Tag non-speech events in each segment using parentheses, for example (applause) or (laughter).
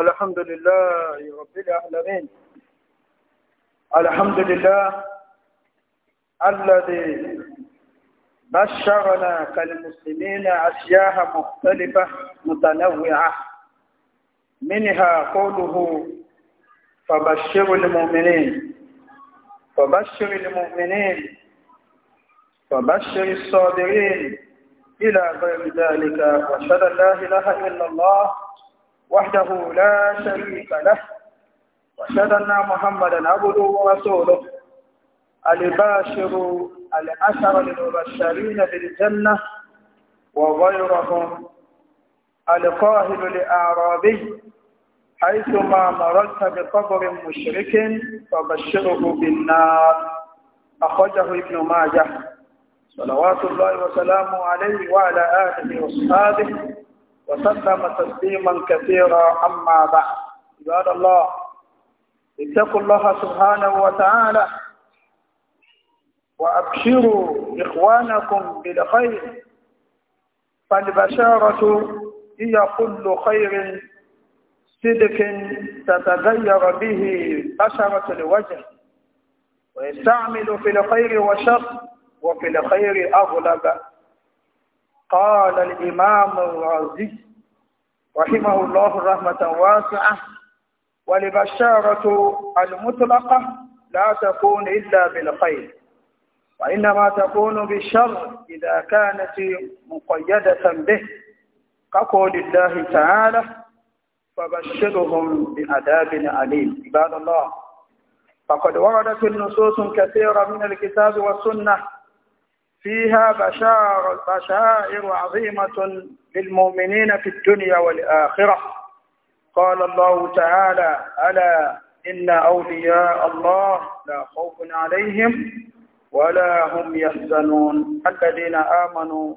الحمد لله رب العالمين الحمد لله الذي بشرنا كالمسلمين أشياء مختلفة متنوعة منها قوله فبشر المؤمنين فبشر المؤمنين فبشر الصابرين إلى غير ذلك وأشهد أن لا إله إلا الله وحده لا شريك له وأشهد أن محمدا عبده ورسوله الباشر العشر المبشرين بالجنة وغيرهم القاهر لاعرابي حيثما مررت بقبر مشرك فبشره بالنار أخرجه ابن ماجه صلوات الله وسلامه عليه وعلى آله وأصحابه وسلم تسليما كثيرا أما بعد عباد الله اتقوا الله سبحانه وتعالى وأبشروا إخوانكم بالخير فالبشارة هي كل خير صدق تتغير به بشرة الوجه ويستعمل في الخير وشر وفي الخير أغلب قال الإمام الرازي رحمه الله رحمة واسعة والبشارة المطلقة لا تكون إلا بالخير وإنما تكون بالشر إذا كانت مقيدة به كقول الله تعالى فبشرهم بعذاب أليم عباد الله فقد وردت النصوص كثيرة من الكتاب والسنة فيها بشار بشائر عظيمة للمؤمنين في الدنيا والآخرة قال الله تعالى ألا إن أولياء الله لا خوف عليهم ولا هم يحزنون الذين آمنوا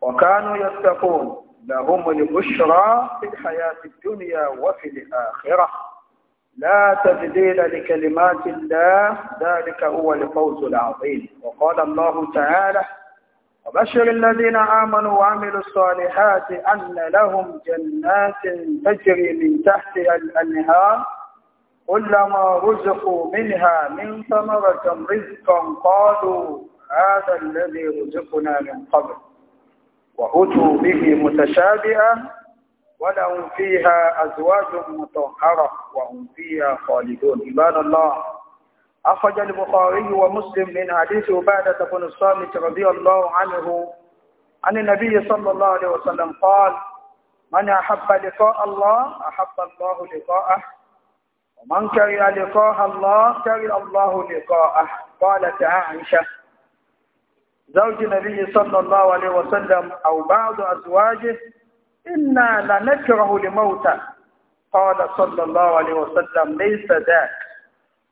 وكانوا يتقون لهم البشرى في الحياة الدنيا وفي الآخرة لا تبديل لكلمات الله ذلك هو الفوز العظيم وقال الله تعالى وبشر الذين آمنوا وعملوا الصالحات أن لهم جنات تجري من تحتها الأنهار كلما رزقوا منها من ثمرة رزقا قالوا هذا الذي رزقنا من قبل وأتوا به متشابها ولهم فيها أزواج مطهرة وهم فيها خالدون عباد الله أخرج البخاري ومسلم من حديث عبادة بن الصامت رضي الله عنه عن النبي صلى الله عليه وسلم قال من أحب لقاء الله أحب الله لقاءه ومن كره لقاء الله كره الله لقاءه قالت عائشة زوج النبي صلى الله عليه وسلم أو بعض أزواجه إنا لنكره لموتا قال صلى الله عليه وسلم ليس ذاك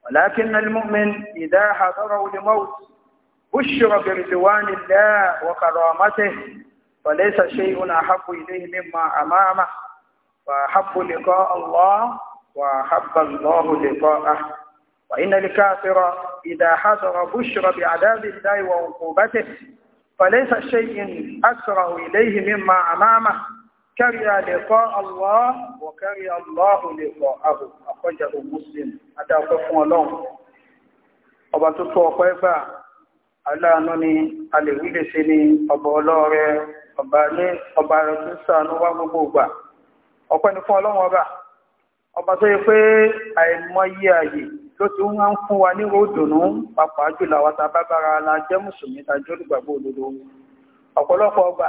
ولكن المؤمن إذا حضره لموت بشر برضوان الله وكرامته فليس شيء أحب إليه مما أمامه وأحب لقاء الله وأحب الله لقاءه وإن الكافر إذا حضر بشر بعذاب الله وعقوبته فليس شيء أكره إليه مما أمامه كره لقاء الله وكره الله لقاءه أخرجه مسلم أدعى فقه الله ọba tó tó ọpẹ́ gbà aláàánú ni alèwílè sí ni ọba ọlọ́rẹ ọba ní ọba rẹ tó sàánú wá gbogbo gbà ọpẹ́ ni fún ọlọ́run ọba ọba tó yẹ pé àìmọye àyè ló ti ń fún wa ní ròdùnú pàápàá jùlọ àwọn tá a bá bára la jẹ́ mùsùlùmí ta jólùgbàgbọ́ òdodo ọ̀pọ̀lọpọ̀ ọgbà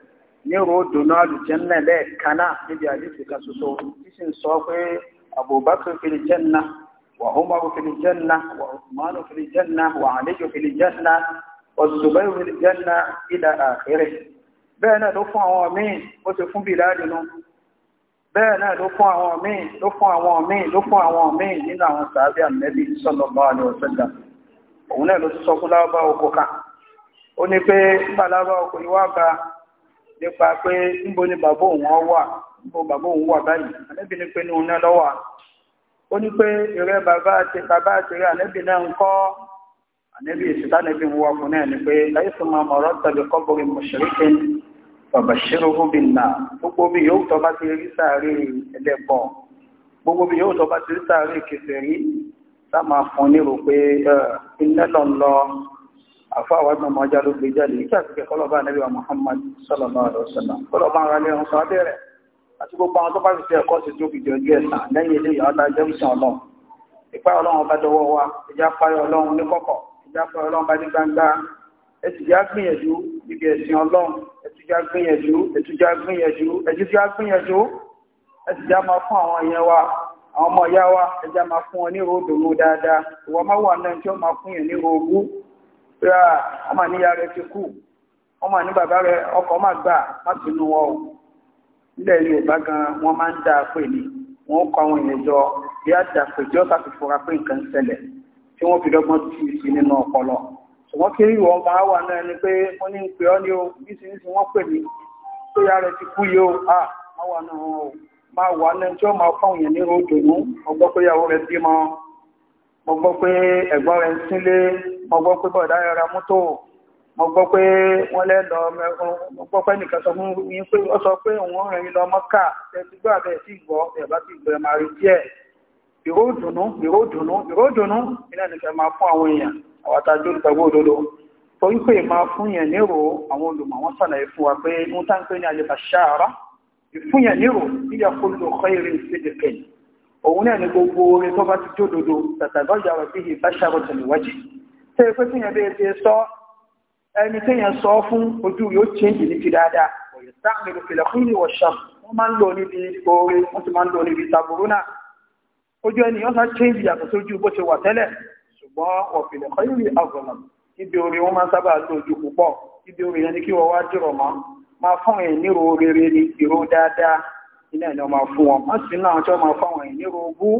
ní ròdò náà àlùjẹ́nà lẹ́ẹ̀kan náà níbi àdìsí kan ṣoṣo tí sì ń sọ pé Abubakar fil janna wa Umar fil janna wa Usman fil janna wa Ali fil janna wa Zubair fil janna ila akhirih bẹ́ẹ̀ náà ló fún àwọn míì ó ti fún Bilal nù bẹ́ẹ̀ náà ló fún àwọn míì ló fún àwọn míì ló fún àwọn míì nínú àwọn sàábì ànẹ́bí sallallahu alaihi wasallam òun náà ló sọ fún lábá oko kan ó ní pé bá lábá oko yìí wá ba nípa pé níbo ni bàbá òun wà níbo bàbá òun wà báyìí ànábì ní pé ní òun náà lọ́wọ́ ó ní pé ìrẹ́ bàbá àti bàbá àti rẹ̀ ànábì náà ń kọ́ ànábì ìṣúta ànábì ń wọkùn náà ni pé láìsí máa mọ̀rọ̀ tàbí kọ́bùrì mùṣírikí bàbá ṣírò hóbì náà gbogbo bí yóò tọ́ bá ti rí sáré ẹlẹ́bọ gbogbo bí yóò tọ́ bá ti rí sáré kẹsẹ̀ rí sá àfọ́ àwọn ọgbọ̀n mọ́já ló gbé jáde ní kàkùkẹ́ kọlọ́bà nílùú Muhammad sallallahu alaihi wasallam kọlọ́bà ń ralé ọ̀hún sábẹ́ rẹ̀ àti gbogbo àwọn tó bá fi ṣe ẹ̀kọ́ sí tó fi jọ ojú ẹ̀sà lẹ́yìn ilé ìyá ọ̀tá jẹ́mùsàn ọlọ́run ìpá ọlọ́run ọba dọwọ́ wa ìjà payọ̀ ọlọ́run ní kọ̀kọ̀ ìjà payọ̀ ọlọ́run bá ní gbangba ẹtùjá gbìyànjú níbi ẹ̀sìn ọlọ́run ẹtùjá gbìyànjú ẹtùjá gbìyànjú ẹtùjá gbìyànjú ẹtùjá máa fún àwọn èèyàn wa àwọn ọmọ ìyá wa ẹjá máa fún wọn ní ìró òdòdó dáadáa ìwọ máa wà náà tí ó máa fún yẹn ní ìró ogún pé a ah, máa níyà rẹ̀ ti kú wọ́n máa ní bàbá rẹ̀ ọkọ̀ máa gbà má sínú wọn o nílẹ̀ Yorùbá gan wọ́n máa ń dá a pè ní wọ́n kọ àwọn èèyàn jọ bí àdàpè jọ́ tàbí fura pé nǹkan ń ṣẹlẹ̀ tí wọ́n fi dọ́gbọ́n tì í sí nínú ọpọlọ ṣùgbọ́n kí ìwọ̀n máa wà náà ni pé wọ́n ní ń pè ọ́ ní o nísinsìnyí wọ́n pè ní tó yá rẹ̀ ti kú yìí o a ah, máa wà náà o máa wà náà tí ó máa fáwọn èèyàn ní ròdòdó mo gbọ́ pé ìyàwó rẹ̀ bímọ mo gbọ́ pé ẹ̀gbọ́n rẹ̀ ń sílé mo gbọ́ pé bọ̀dá ra mọ́tò mo gbọ́ pé wọ́n lẹ́ lọ mo gbọ́ pé nìkan sọ fún yín pé ó sọ pé òun rìn yín lọ mọ́kà ẹtí gbọ́ àbẹ̀ sí gbọ́ ẹ̀ bá ti gbọ́ ẹ̀ máa rí díẹ̀ ìró ìdùnnú ìró ìdùnnú ìró ìdùnnú iná nìkan máa fún àwọn èèyàn àwọn àtàjọ olùgbàgbọ́ òdodo torí pé máa fún yẹn nírò àwọn olùmọ̀ wọn sàlàyé fún wa pé ohun tá ń pè ní àlebà ṣáàrá ìfún yẹn nírò níyà kó lò xeyìrì sídìkẹ́ òun náà ní gbogbo orin tó bá ti jó dodo tàtàgbọ́jà wà sí ìbáṣà rọ̀tẹ̀lẹ̀wájì tó yẹ pé tí yẹn bẹ́ẹ̀ ti sọ ẹni tí yẹn sọ fún ojú yóò change ní ti dáadáa ọ̀yẹ̀ sáàmì lòfìlẹ̀ fún ìwọ̀ ṣàm wọ́n máa ń lò níbi oore wọ́n ti máa ń lò níbi tàbùrú náà ojú ẹni yọ́n sá change yàtọ̀ sójú bó ṣe wà tẹ́lẹ̀ ṣùgbọ́n ọ̀fìlẹ̀ kọ́ yìí àgbọ̀nà níbi oore wọ́n máa ń sábà lò ojú púpọ̀ níbi oore yẹn ni kí wọ́n wá dìrọ̀ mọ́ máa fún ẹ̀ nírò rere ni ìró dáadáa iná ẹ̀ ni máa fún wọn wọ́n sì náà tí máa fún ẹ̀ nírò ogún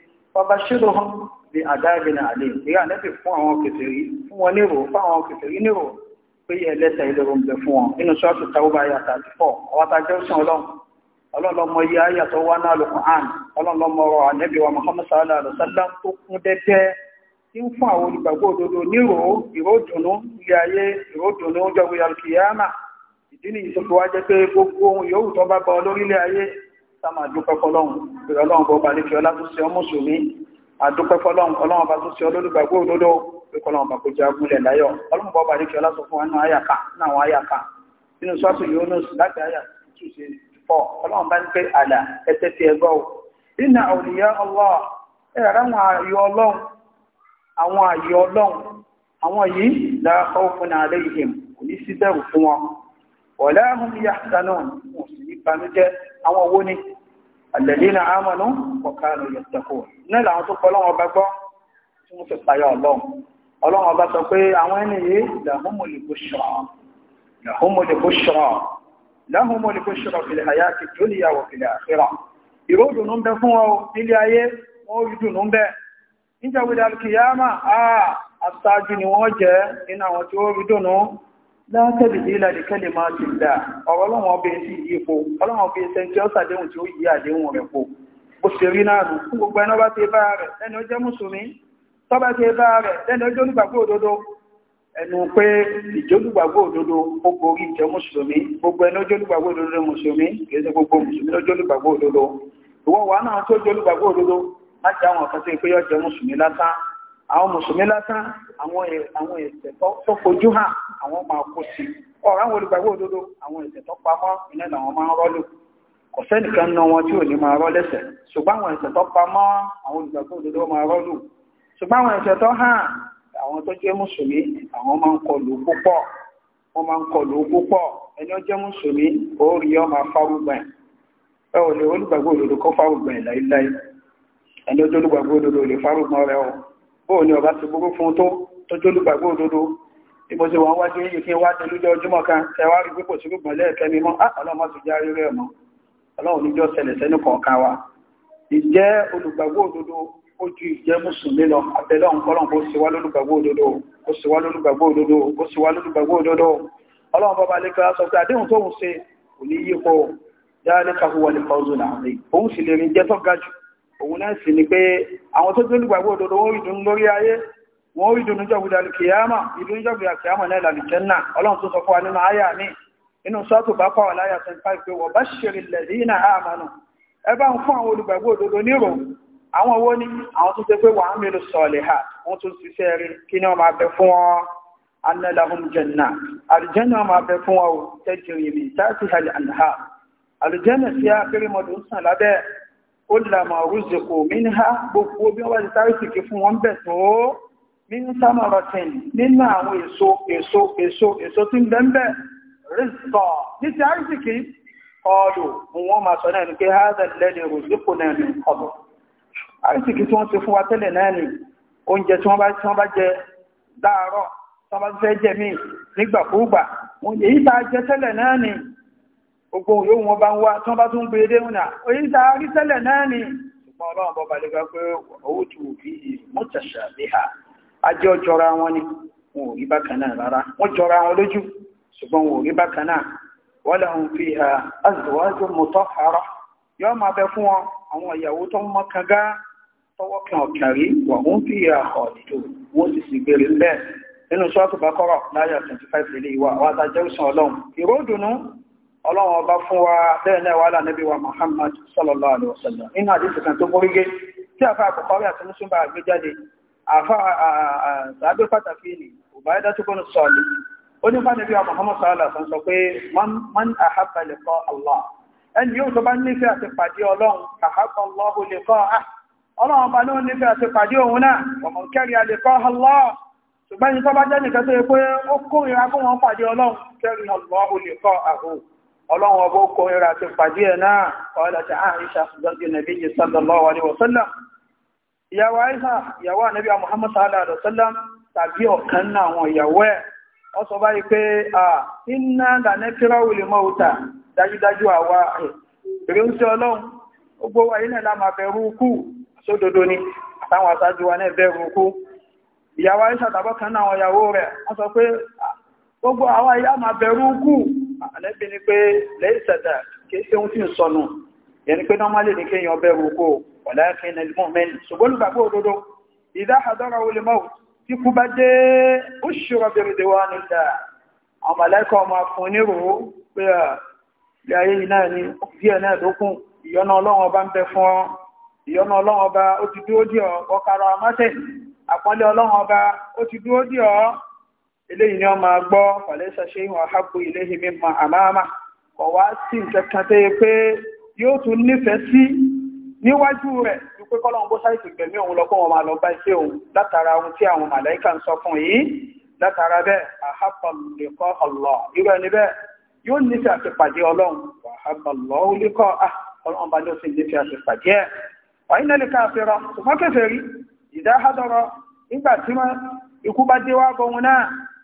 fàbàṣíròhàn bí àdáàbìnà àlè ìyá nẹ́bì fún àwọn kèfèrí fún wọn nírò fún àwọn kèfèrí nírò pé ẹlẹ́sẹ̀ ìlérò ń bẹ fún wọn nínú sọ́ọ̀tù tàwọ́bà ayàtà àti fọ́ ọwọ́ta jẹ́sùn ọlọ́run ọlọ́lọ́mọ yí ayàtọ̀ wá náà Al-Qur'an ọlọ́lọ́mọ ọ̀rọ̀ ànẹ́bì wa Muhammad sallallahu alaihi wasallam tó kún dẹ́dẹ́ tí ń fún àwọn olùgbàgbọ́ òdodo nírò ìródùnú ilé ayé ìródùnú jọwé alkiyama ìdí nìyí tó fi wá jẹ́ pé gbogbo ohun yòówù tó bá bọ́ lórílẹ̀ ayé sáma dúpẹ́ fọlọ́hún ìrẹ́ ọlọ́run bọ́ balẹ̀ fi ọlá tó ṣe ọmọ sùnmí àdúpẹ́ fọlọ́hún ọlọ́run bá tó ṣe ọlọ́lùgbàgbọ́ òdodo pẹ̀lú ọlọ́run bá kó jẹ́ agúnlẹ̀ láyọ̀ ọlọ́run bọ́ balẹ̀ fi ọlá sọ fún wa nínú àyàká nínú àwọn àyàká nínú sọ́ọ̀tù Yunus láti àyà tù fọ́ ọlọ́run bá ń pẹ́ àlà ẹsẹ̀ ti ẹgbọ́ o nínú àwòrìyá ọlọ́run àwọn àwọn owó ni alladhina amanu wa kanu yattaqun náà làwọn tó pọ̀ lọ́wọ́ ọba gbọ́ tí wọ́n fi payọ́ ọlọ́run ọlọ́run ọba sọ pé àwọn ẹni yìí lahumul bushra lahumul bushra lahumul bushra fil hayati dunya wa fil akhirah ìró dùnú ń bẹ fún ọ nílé látẹ́bì nílà ní kẹ́lẹ̀ máa ti dà ọ̀rọ̀ ọlọ́wọ́n ọbẹ̀ sí ipò ọlọ́wọ́n ọbẹ̀ ṣe tí ó sàdéhùn tí ó yí àdéhùn rẹ̀ po bó ṣe rí náà nù fún gbogbo ẹnà bá ti bá rẹ̀ lẹ́ni ó jẹ́ mùsùlùmí tó bá ti bá rẹ̀ lẹ́ni ó jẹ́ olùgbàgbọ́ òdodo ẹnu pé ìjólùgbàgbọ́ òdodo ó gorí ìjẹ́ mùsùlùmí gbogbo ẹni ó jẹ́ olùgbàgbọ́ mùsùlùmí kì ṣe gbogbo mùsùlùmí ó jẹ́ òdodo ìwọ wà náà tó jẹ́ òdodo má jẹ́ àwọn kan tó ń pé yọ jẹ́ mùsùlùmí lásán àwọn mùsùlùmí lásán àwọn ẹ̀ṣẹ̀ tó fojú hàn àwọn máa kó sí ọ̀rọ̀ àwọn olùgbàgbọ́ òdodo àwọn ẹ̀ṣẹ̀ tó pamọ́ iná làwọn máa ń rọ́lù kò sẹ́nìkan náà wọn tí ò ní máa rọ́ lẹ́ṣẹ̀ ṣùgbọ́n àwọn ẹ̀ṣẹ̀ tó pamọ́ àwọn olùgbàgbọ́ òdodo máa rọ́lù ṣùgbọ́n àwọn ẹ̀ṣẹ̀ tó hàn àwọn tó jẹ́ mùsùlùmí àwọn ẹni ó olùgbàgbọ́ òdodo lè fárúgbà rẹ o bóò ni ọba ti gbogbo fún tó tọ́jú olùgbàgbọ́ òdodo ibo ti wọ́n wájú yìí kí wá tẹlújọ́ ojúmọ́ kan ẹwà rí pípò sí gbogbo lẹ́ẹ̀kẹ́ mímọ́ ọlọ́mọ ah, ti já rírẹ́ ọmọ ọlọ́run níjọ́ ṣẹlẹ̀ sẹ́nu kọ̀ọ̀kan wa ìjẹ́ olùgbàgbọ́ òdodo ó ju ìjẹ́ mùsùlùmí lọ abẹ́lẹ́ ọ̀nkọ́lọ́n kó sì wá lólùgbàgbọ́ òdodo kó sì wá lólùgbàgbọ́ òdodo kó sì wá lólùgbàgbọ́ òdodo ọlọ́run bọ́ba lè kọ́ sọ pé àdéhùn tóun ṣe kò ní yípo dáadé kahuwa lè kọ́ zùnà àrí òun náà sì ni pé àwọn tó gbélùgbà gbòdòdó wọ́n rí dùn lórí ayé wọ́n rí dùn jọ́gbìdà kìyàmà ìlú jọ́gbìdà kìyàmà náà làlùjẹ́nà ọlọ́run tó sọ fún wa nínú àyà mi inú sọ́ọ̀tù bá pàwọ̀ láyà 25 pé wọ́n bá ṣeré lẹ̀dí iná àmànù ẹ bá ń fún àwọn olùgbàgbé òdodo nírò àwọn owó ní àwọn tó ṣe pé wàá mélò sọ̀ọ̀lẹ̀ ha wọ́n tún ṣiṣẹ́ rí kí ni wọ́n máa bẹ fún wọn anẹ́làhùn jẹ̀nà àlùjẹ́nà máa bẹ fún wọn o tẹ́jìrì mi táàtì hàlì àlùhà àlùjẹ́nà sí akérèmọdún sàn lábẹ́ ó làmà rúzẹ̀kò mínhá gbogbo bí wọ́n ti sáré sìkí fún wọn bẹ̀ tó nínú samarotin nínú àwọn èso èso èso èso tí ń bẹ́ ń bẹ́ rizkọ̀ ní ti arísìkí ọlù wọn máa sọ náà ní pé hádà lẹ́lẹ̀ rùzíkò náà ní ọ̀bọ̀ arísìkí tí wọ́n ti fún wa tẹ́lẹ̀ náà ni oúnjẹ tí wọ́n bá jẹ láàárọ̀ tí wọ́n bá fẹ́ jẹ míì nígbàkúgbà èyí tá a jẹ tẹ́lẹ̀ náà ni gbogbo òun yóò wọn bá ń wá tán bá tún gbé e déhùnà oyin ta rí tẹ́lẹ̀ náà ni ṣùgbọ́n ọlọ́run bọ́ balẹ̀ gbá pé owó tí wò bí mọ́tàṣà bí ha ajẹ́ ọjọ́ra wọn ni wọn ò rí bákan náà rárá wọ́n jọra wọn lójú ṣùgbọ́n wọn ò rí bákan náà wọ́n làwọn fi ha azọwájú mọ́tọ́ àárọ̀ yóò máa bẹ fún wọn àwọn ìyàwó tó ń mọ́ kanga tọwọ́ kan ọ̀kàn wọ́n fi ha ọ̀dìdò wọ́n sì sì gbèrè ńlẹ̀ nínú ṣọ́ọ̀tù bá láyà 25 lè wà wá ọlọ́run ọba fún wa bẹ́ẹ̀ náà wà lánàbí wa Muhammad sallallahu alaihi wasallam nínú àdíṣe kan tó mórígé tí àfa àkọ́kọ́rí àti mùsùlùmí àgbé jáde àfa àgbé pàtàkì ni ọba ẹ̀dá tó kọ́nu sọ̀lì ó ní fánàbí wa Muhammad sallallahu alaihi wasallam sọ pé man ahabba liqa Allah ẹni yóò tó bá nífẹ̀ẹ́ àti pàdé ọlọ́run ahabba Allahu liqa'ah ọlọ́run ọba náà nífẹ̀ẹ́ àti pàdé òun náà ọmọ kẹrì àlèkọ́ ọlọ́ ṣùgbọ́n tó bá jẹ́ nìkan tó yẹ pé ó kórìíra fún wọn pàdé ọlọ́run kẹrì ọlọ́ olèkọ́ àhó ọlọ́run ọbọ̀ kó ìrà àti pàdé ẹ̀ náà ọ̀lọ́tí àìṣà gbọ́gbẹ̀ nàbí yìí sallallahu alaihi wasallam ìyàwó àìṣà ìyàwó ànábì Muhammad sallallahu alaihi wasallam tàbí ọ̀kan náà àwọn ìyàwó ẹ̀ ọ sọ báyìí pé à iná lànà kíráwù lè mọ́ta dájúdájú àwa èrè ń sí ọlọ́run náà bẹ̀rù rẹ̀ wọ́n sọ pé gbogbo àwa ìyá máa bẹ̀rù kú àlẹ́bí ni pé lẹ́yìn sàdà kìí ṣe ohun tí ń sọnù yẹni pé nọ́málì ní kéèyàn bẹ̀rù kó ọ̀lá kìí nà ìlú mẹ́rin ṣùgbọ́n olùgbàgbọ́ òdodo ìdá àdọ́rà olè mọ́ tí kú bá dé ó ṣòro bẹ̀rẹ̀ ni díẹ̀ náà ló kún ìyọ́nà ọlọ́run ọba ń bẹ fún ọ ìyọ́nà ọlọ́run ọba ó ti eléyìí ni wọ́n máa gbọ́ ọ̀lẹ́sà ṣe ìwọ̀n àhápò iléyìí mímọ̀ àmáàmà kọ̀ wá sí nǹkan kan tẹ́ pé yóò tún nífẹ̀ẹ́ sí níwájú rẹ̀ ju pé kọ́lọ́n bó sáìtì gbẹ̀mí òun lọ kó wọn máa lọ bá iṣẹ́ òun látara ohun tí àwọn màláìkà ń sọ fún yìí látara bẹ́ẹ̀ àhápàlùkọ́ ọ̀lọ́ irú ẹni bẹ́ẹ̀ yóò nífẹ̀ẹ́ àti pàdé ọlọ́run àhápàlùkọ́ ọlọ́run ikú bá dé wá bọ́ náà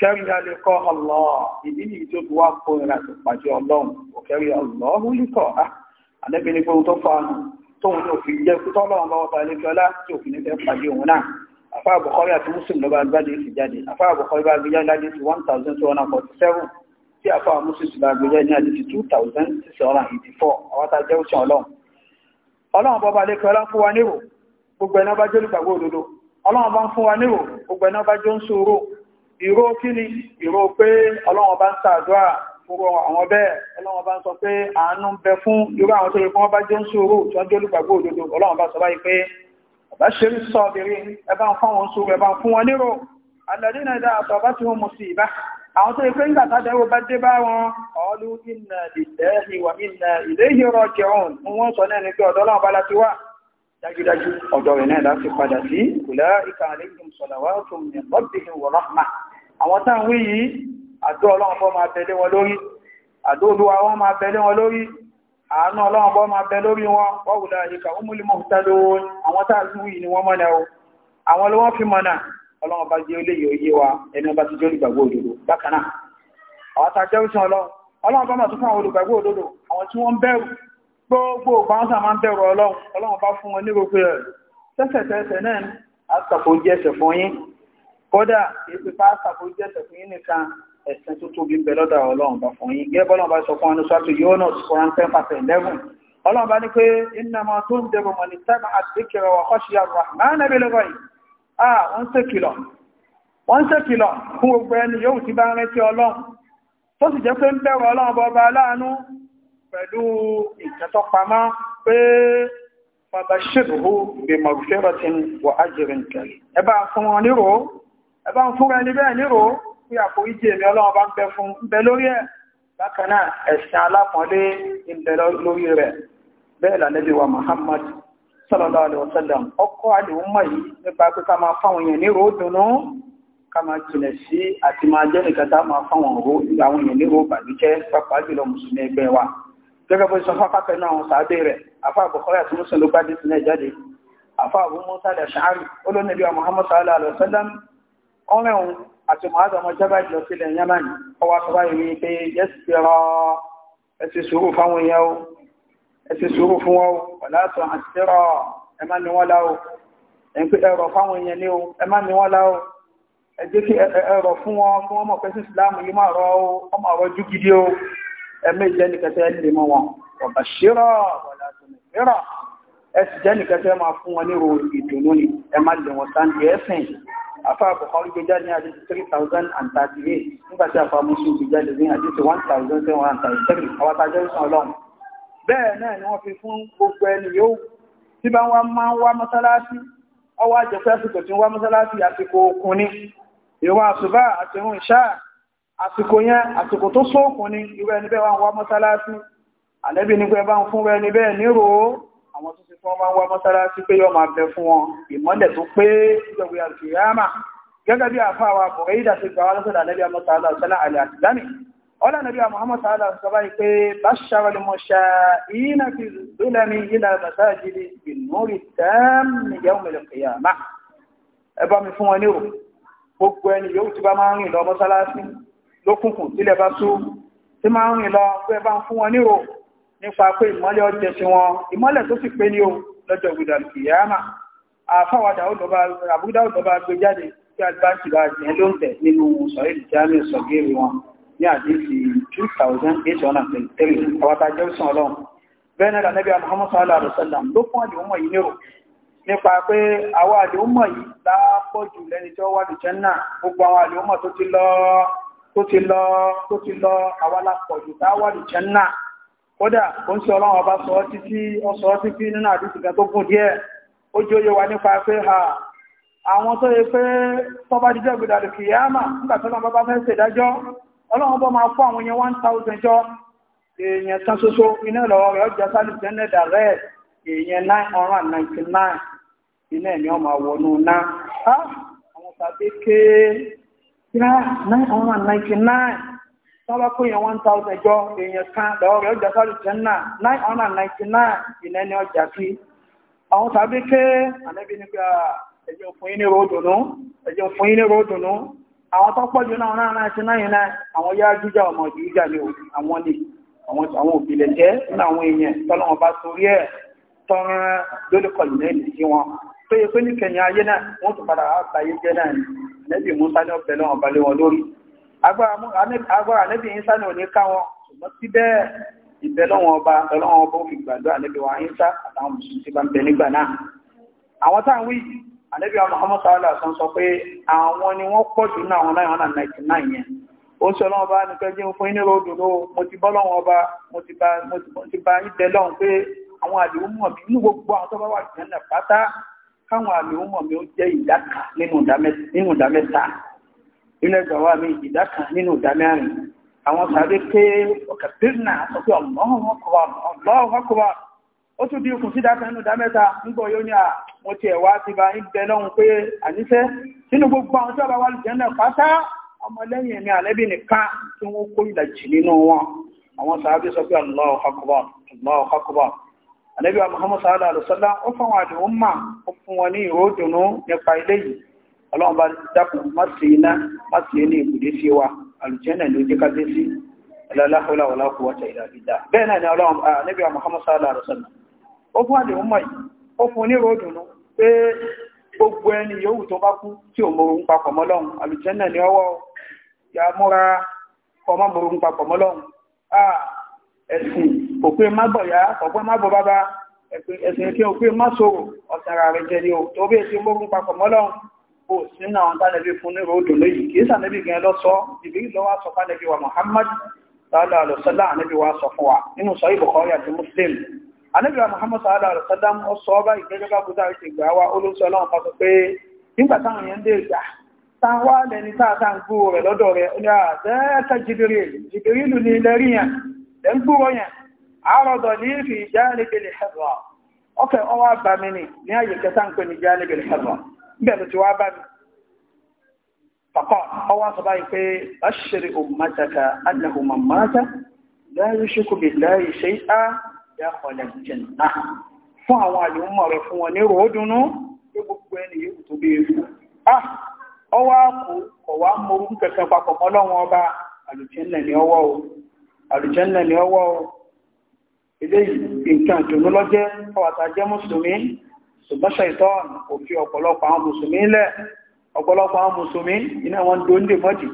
kẹ́rìá lè kọ́ ọlọ́ ìdí nìyí tó fi wá kó ìrìn àti pàdé ọlọ́run kò kẹ́rìá ọlọ́run líkọ̀ ah, á àlẹ́bìnrin pé ohun tó fa ọ̀nà tóun ní òfin jẹ́ kú tọ́lọ́run bá wọ́n balẹ̀ fi ọlá tí òfin nífẹ̀ẹ́ pàdé òun náà afá àbùkọ́rí àti mùsùlùmí lọ́ba gbáde sì ọlọ́run ọlọ́run bọ́ba fún wa nírò gbogbo ẹ̀nà bá jẹ́ olùgbàgbọ́ òdodo ọlọ́run bá ń fún wa nírò gbogbo ẹ̀nà bá jẹ́ ń ìró kíni ìró pé ọlọ́wọ́n bá ń sàdúrà fúrò àwọn bẹ́ẹ̀ ọlọ́wọ́n bá ń sọ pé àánú ń bẹ fún irú àwọn tó rí fún wọ́n bá jẹ́ ń sòrò tí wọ́n jẹ́ olùgbàgbọ́ òdodo ọlọ́wọ́n bá sọ báyìí pé ọ̀bá ṣe rí sọ́ọ̀bìnrin ẹ bá ń fún wọn sòrò ẹ bá ń fún wọn nírò àlẹ́dí náà dáa sọ bá ti wọn mú sí ìbá àwọn tó rí pé nígbà tádẹ́wò bá dé bá wọn ọlú ìnà ìdẹ́hì wà ìnà ìléhì rọjẹ òun ni wọ́n sọ náà ní pé ọ̀dọ́ ọlọ́run bá láti wá dájúdájú ọ̀dọ̀ rẹ̀ náà láti padà sí kùlá ìkàlẹ́yìn sọ̀làwà tó mẹ́rọ̀bìnrin wọ̀rọ̀mà àwọn tán wí yìí àdó ọlọ́run bọ́ máa bẹ̀lé wọn lórí àdó olúwa wọn máa bẹ̀lé wọn lórí àánú ọlọ́run bọ́ máa bẹ lórí wọn wọ́wùlá ìkà umúlùmọ̀ tẹ́lú àwọn tààzú ni wọ́n mọ́nà o àwọn ló wọ́n fi mọ́nà ọlọ́run bá jẹ́ olè yóò yé wa ẹni ọba ti jẹ́ olùgbàgbọ́ òdodo bákan náà àwọn tàà jẹ́ òṣìṣẹ́ ọlọ́run ọlọ́run bá máa tún fún àwọn olùgbàgbọ́ òdodo àwọn tí wọ́n ni a sàpò jẹ́ ẹsẹ̀ kódà èsì pásítà tó jẹ́ ẹ̀sẹ̀ yín nìkan ẹ̀sìn tó tóbi ń bẹ lọ́dọ̀ ọlọ́run bá fún yín gẹ́gẹ́ bọ́lọ́run bá sọ fún ọdún sọ́tù yóò náà sọ ọ́n ten percent eleven ọlọ́run bá ní pé iná máa tó ń dẹ̀bọ̀ mọ̀ ní sábà àdékẹ̀rẹ̀ wà kọ́ṣì àrùwà máa nẹ́bí lọ́gọ́ yìí à wọ́n ṣe kìlọ̀ wọ́n ṣe kìlọ̀ fún gbogbo ẹni yóò ti bá rántí ọlọ́run tó sì jẹ́ pé ń bẹ̀rù ọlọ́run bọba aláàánú pẹ̀lú ìtẹ́tọ́pamọ́ pé fàbàṣẹ́bùhù bí mọ̀rùfẹ́rọ̀ ti wà ájẹrìn kẹrì ẹ bá fún wọn nírò ẹ̀bá ń fúnra ẹni bẹ́ẹ̀ nírò pé àforíjì èmi ọlọ́run bá ń bẹ fún ń bẹ lórí ẹ̀ bákan náà ẹ̀sìn alápọ̀nlé lórí rẹ̀ bẹ́ẹ̀ lànẹ́bí wa Muhammad sallallahu alaihi wasallam ọkọ̀ àdìwọ́n mọ̀ yìí nípa pé ká máa fáwọn èèyàn nírò dùnú ká máa jìnà sí àti máa jẹ́ nìkan tá máa fáwọn òhó nígbà àwọn èèyàn nírò bàlújẹ́ pápá jùlọ mùsùlùmí ẹgbẹ́ wa gẹ́gẹ́ bó sọ wa Muhammad sallallahu alaihi wasallam ọ̀rẹ́ òun àti mọ̀háza ọmọ jẹ́ báyìí lọ sílẹ̀ Yemen ọwọ́ àtọ́bá yìí ní pé yẹ́sì rọ ẹ ṣe sùúrù fáwọn èèyàn o ẹ ṣe sùúrù fún wọn o ọ̀lá sọ àti rọ ẹ má ní wọn lá o ẹ ń pè ẹrọ fáwọn èèyàn ní o ẹ má jẹ́ kí ẹrọ máa fún wọn ní ìrò ìdùnnú ni ẹ má lè wọn sáńdì ẹ̀sìn afa bukhari gbé jáde ní àdìsí three thousand and thirty eight nígbà tí afa muslim gbé jáde ní àdìsí one thousand seven hundred and thirty three àwọn àtàjọ ìsàn ọlọ́run bẹ́ẹ̀ náà ni wọ́n fi fún gbogbo ẹni yóò tí bá wá máa ń wá mọ́sálásí ọwọ́ àjẹpẹ́ àsìkò tí ń mọ́sálásí àsìkò okun ni ìwọ̀n àsùbá àti ìrun ìṣá àsìkò yẹn àsìkò tó sókun ni irú ẹni bẹ́ẹ̀ wá wá mọ́sálásí àlẹ́bí nígbẹ́ bá ń fún ẹni bẹ́ẹ̀ nírò àwọn tó ti fún ọmọ wá mọ́sálásí pé yóò máa bẹ fún wọn ìmọ́lẹ̀ tó pé ìjọba alkiyama gẹ́gẹ́ bí àfá àwọn àbọ̀rẹ́ ìdá ti gbà wá lọ́sọ̀dà nẹ́bí àmọ́ sàálà sẹ́lá àlẹ́ àtìdámì ọlá nẹ́bí àmọ́ àmọ́ sàálà sọ báyìí pé bá ṣàrọ̀lẹ̀ mọ̀ ṣá ìyínà fi zúlẹ̀ mi ìlà màsáàjìdì ìnúrì tẹ́ẹ̀mì yẹ́wò mẹ́lẹ̀ kìyàmá ẹ bá mi fún wọn nírò gbogbo ẹni yóò ti bá máa ń rìn lọ mọ́sálásí lókùnkùn sílẹ̀ bá sú ti máa ń rìn lọ pé fún wọn nírò nípa pé ìmọ́lẹ̀ ọjẹ́ sí wọn ìmọ́lẹ̀ tó sì pé ní ohun lọ́jọ́ ìgbìdàlù kìyàmà àfáwàdà àbúdá òdọba gbé jáde tí albáńtì bá jẹ́ ló ń tẹ̀ nínú sọ̀rẹ́lì jámì sọ̀gẹ́rì wọn ní àdíjì 2823 àwátá jẹ́ òsàn ọlọ́run bẹ́ẹ̀ náà lànẹ́bí Muhammad sallallahu alaihi wasallam ló fún àdìhúnmọ̀ yìí nírò nípa pé àwọn àdìhúnmọ̀ yìí lápọ̀ jù lẹ́ni tí ó wà lùjẹ́ náà gbogbo tó ti lọ tó ti lọ àwọn alápọ̀jù tá wà náà kódà ó ń sọ ọlọ́run ọba sọ títí ọsọ títí nínú àdúgbò tó gùn díẹ̀ ó jẹ́ oyé wa nípa pé ha àwọn tó yẹ pé tọ́ba jíjẹ́ gbèdàdì kìyàmà nígbà tó lọ́n bá fẹ́ ṣèdájọ́ ọlọ́run bọ́ máa fún àwọn yẹn one thousand jọ èèyàn kan ṣoṣo iná ìlọ́wọ́ rẹ̀ ọjà sálì jẹ́nẹ̀ dàrẹ́ èèyàn nine hundred and ninety nine iná ẹ̀mí ọmọ àwọnú ná ah! àwọn tàbí ké nine hundred and ninety nine tọ́bá kó yẹn one thousand jọ èèyàn kan lọ́wọ́ rẹ̀ ọjà sáré jẹ́nà nine hundred and ninety nine ìlẹ́ ní ọjà sí àwọn tàbí ké ànẹ́bí ní pé ẹjọ́ fún yín ní ròdùnú ẹjọ́ fún yín ní ròdùnú àwọn tó pọ̀jù náà náà náà ti náà náà àwọn yá jíjà ọmọ ìlú ìjà ni àwọn ni àwọn àwọn òbílẹ̀ jẹ́ ní àwọn èèyàn tọ́lọ́wọ́n bá torí ẹ̀ tọ́rán lólùkọ̀ lẹ́yìn sí wọn tó yẹ pé ní kẹ̀yìn ayé náà wọ́n tún padà àgbáyé jẹ́ náà nẹ́bí musa ní ọ̀bẹ̀ náà ọ̀bẹ̀ wọn lórí agbára ànẹ́bì ìsá ní òní ká wọn ṣùgbọ́n síbẹ̀ ìbẹ̀ lọ́wọ́n ọba lọ́wọ́n ọba òfin gbàdúrà ànẹ́bì wa ìsá àtàwọn mùsùlùmí ti bá ń bẹ nígbà náà àwọn táwọn wí ànẹ́bì wa Muhammad sallallahu alaihi wasallam sọ pé àwọn ni wọ́n pọ̀ jù náà wọn náà wọn náà ninety nine yẹn ó sọ lọ́wọ́n ọba ní pẹ́jẹ́ fún yín nílò òdòdó mo ti bọ́ lọ́wọ́n ọba mo ti bá ibẹ̀ lọ́wọ́n pé àwọn àdéhùn mọ̀ mí nínú gbogbo àwọn tó bá wà jẹ́ náà pátá káwọn àdéhùn mọ̀ mí ó jẹ́ ìdá kan nínú ìdá mẹ́ta nílẹ̀ gbàwá mi ìdá kan nínú ìdá mẹ́rin àwọn sáré pé ọ̀kẹ́ bírnà sọ pé ó tún bí ikùn sídá kan nínú yóò ní à mo tiẹ̀ ti ba ń bẹ lọ́hùn pé àníṣẹ́ nínú gbogbo àwọn tí ọba wà lùjẹ́ náà pátá ọmọlẹ́yìn ẹ̀mí àlẹ́bí nìkan tí wọ́n kó ìlàjì nínú wọn àwọn sáré sọ pé àlẹ́bí wa sallallahu alaihi ó ọlọ́run bá dákùn má sí iná má sí ní ìbùdé sí wa àlùjẹ́nà ló jẹ́ kájé sí aláhùlá wàlá kú wọ́ta ìlàbídà bẹ́ẹ̀ náà ni ọlọ́run níbi Muhammad sallallahu alaihi wasallam ó fún àdéhùn mọ́ yìí ó fún ní ròdùnú pé gbogbo ẹni yòówù tó bá kú tí ò mọ̀rún papọ̀ mọ́lọ́run àlùjẹ́nà ni ọwọ́ ya múra ọmọ mọ̀rún papọ̀ mọ́lọ́run ẹ̀sìn òpin má ó sínú àwọn tánẹ́bí fún ní ròdò lóyìí kìí sànẹ́bí gan lọ́sọ́ ìbí lọ́wọ́ sọ fánẹ́bí wa Muhammad sallallahu alaihi wasallam sọ fún wa nínú Muslim wa Muhammad sallallahu alaihi wasallam sọ ọba ìgbẹ́jọ́ bá ọwọ́ ní ń pè ní ẹ̀rọ bẹ̀rẹ̀ tí wá bá mi ọwọ́ sọ báyìí pé aṣèrè òmùmátaka aláhùmọ̀mọ́ta láyé ṣíkú láyé ṣe á dákọ̀ọ́lẹ̀ jẹ̀nà fún àwọn àlùmọ̀ rẹ̀ fún wọn ní ròódùnú gbogbo ẹni ṣùgbọ́n ṣàìtọ́n kò fi ọ̀pọ̀lọpọ̀ àwọn mùsùlùmí lẹ̀ ọ̀pọ̀lọpọ̀ àwọn mùsùlùmí iná wọn ń dóńdè mọ́dì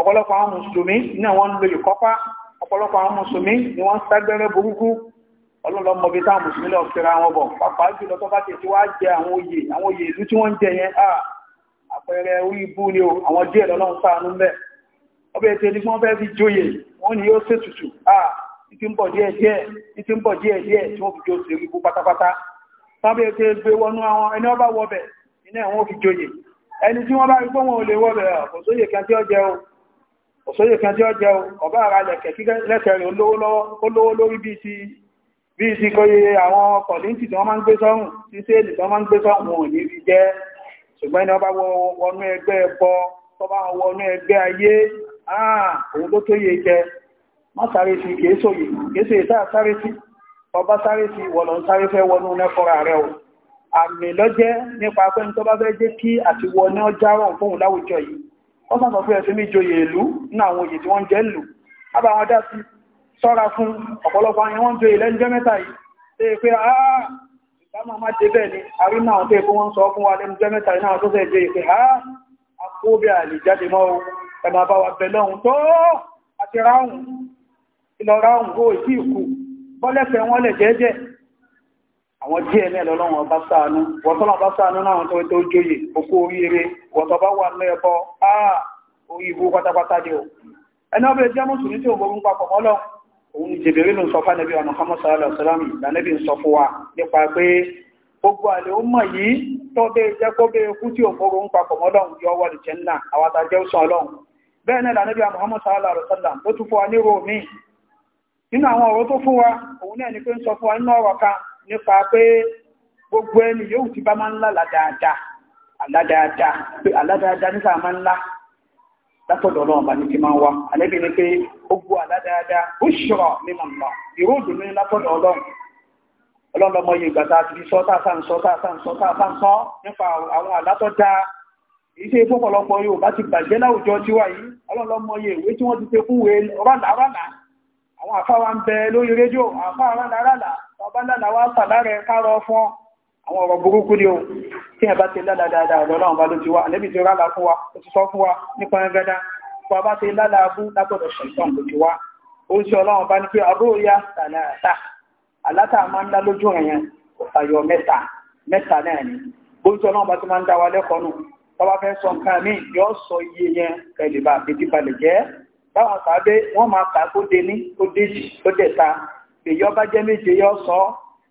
ọ̀pọ̀lọpọ̀ àwọn mùsùlùmí iná wọn ń lo ìkọ́pá ọ̀pọ̀lọpọ̀ àwọn mùsùlùmí ni wọ́n ń ságbẹ́rẹ́ burúkú ọlọ́lọ́mọbi táwọn mùsùlùmí lọ fẹ́ra wọn bọ̀ pàpà jùlọ tó bá ti ti wá jẹ àwọn oyè àwọn oyè ìlú tí wọ́n ń jẹ yẹn à àpẹẹrẹ o àwọn díẹ̀ lọ́lọ́run sáànú mẹ́ ọbẹ̀ ètò ẹni wọ́n fẹ́ fi joyè wọ́n ni yóò ṣètùtù à títí ń bọ̀ díẹ̀ díẹ̀ títí ń bọ̀ tàbí ètò ẹgbẹ́ wọnú àwọn ẹni ọba wọbẹ̀ iná ẹ̀wọ̀n fi joyè ẹni tí wọ́n bá rí pé wọn ò lè wọbẹ̀ òṣòyè kan tí ó jẹ́ o ọba ara lẹ̀kẹ̀ kí lẹ́sẹ̀ rẹ̀ olówó lórí bí i ti kọye àwọn kọ̀líntì tí wọ́n máa ń gbé sọ́rùn tí sẹ́ẹ̀lì tí wọ́n máa ń gbé sọ́rùn wọn ò ní rí jẹ́ ṣùgbọ́n ẹni ọba wọnú ẹgbẹ́ ẹbọ tọba wọnú ẹgbẹ́ ayé àà ah, òun ló tó yẹ jẹ má sáré sí kìí sòyè kìí sòyè sáré sí ọba sáré sí ìwọ̀lọ̀ ń sáré fẹ́ wọnú nẹ́fọ́ra rẹ̀ o àmì lọ́jẹ́ nípa pé ní tó bá fẹ́ jẹ́ kí àti wọ ní ọjà rọ̀ fóun láwùjọ yìí ó sàtọ̀ fún ẹ̀sìn méjòyè ìlú ní àwọn òyè tí wọ́n jẹ́ lù ábà wọn dá sí sọ́ra fún ọ̀pọ̀lọpọ̀ àwọn wọ́n joyè lẹ́nu jẹ́ mẹ́ta yìí tó yẹ pé àá ìdámọ̀ má dé bẹ́ẹ̀ ni àrí náà tó yẹ pé wọ́n sọ fún wa lẹ́nu jẹ́ mẹ́ta yìí náà tó fẹ́ joyè pé àá àkóbí àlè jáde mọ́ o ẹ̀ máa bọ́lẹ́fẹ̀ wọn lẹ̀ jẹ́ẹ́jẹ́ àwọn díẹ̀ náà lọ́lọ́wọ́n bá sáánú wọ́tọ́lọ́ bá sáánú náà tó tó jóyè okó oríire wọ́tọ́ bá wà ní ẹbọ àà ah! orí ibú pátápátá dé o ẹni ọbẹ̀ jẹ́ mùsùlùmí tí ògbó ń papọ̀ mọ́lọ òun jẹ̀bẹ̀rẹ̀ ló ń sọ fún ẹnẹ́bí ọ̀nà Muhammad sallallahu alaihi wasallam ìdánẹ́bí ń sọ fún wa nípa pé gbogbo àlè ó mọ̀ yìí nínú àwọn ọ̀rọ̀ tó fún wa òun náà ni pé ń sọ fún wa nínú ọ̀rọ̀ kan nípa pé gbogbo ẹni yóò ti bá máa ń lálà dáadáa aládáadáa pé aládáadáa nígbà máa ń lá látọ̀dọ̀ náà bá ní ti máa ń wá àlẹ́bí ni pé ó gbó aládáadáa ó ṣọ̀rọ̀ ní màmá ìró òdùnú látọ̀dọ̀ ọlọ́run ọlọ́run lọmọ yìí gbàtà àti sọ tá a sá ń sọ tá a sá ń sọ tá a sá ń sọ nípa àwọn àlátọ́dá èyí ṣe fọ́pọ̀lọpọ̀ Yorùbá ti bàjẹ́ láwùjọ tiwa yìí ọlọ́run lọmọ ìwé tí wọ́n ti ṣe fún wẹ́ẹ́ rọ́nà rọ́nà àwọn àfáwà ń bẹ lórí rédíò àfáwà láràlà ọba lálàwà sàlárẹ kárọ fún àwọn ọ̀rọ̀ burúkú ni o tí ẹ bá ti lálà dáadáa ọ̀dọ̀ náà bá ló ti wá àlébì ti rálà fún wa ó ti sọ fún wa nípa ẹgbẹ́dá fún wa ti lálà abú látọ̀dọ̀ ṣẹ̀tàn lójú ni bó ń ṣe ọlọ́run bá ti máa ń dá wa lẹ́kọ̀ọ́ nù tọ́wọ́ fẹ́ sọ nǹkan míì yóò sọ iye yẹn kẹ́lẹ́ bá àpèjì báwọn pàdé wọ́n máa kà kó dé ní kó dé jì kó dé ta èyí ọba jẹ́ méje yọ sọ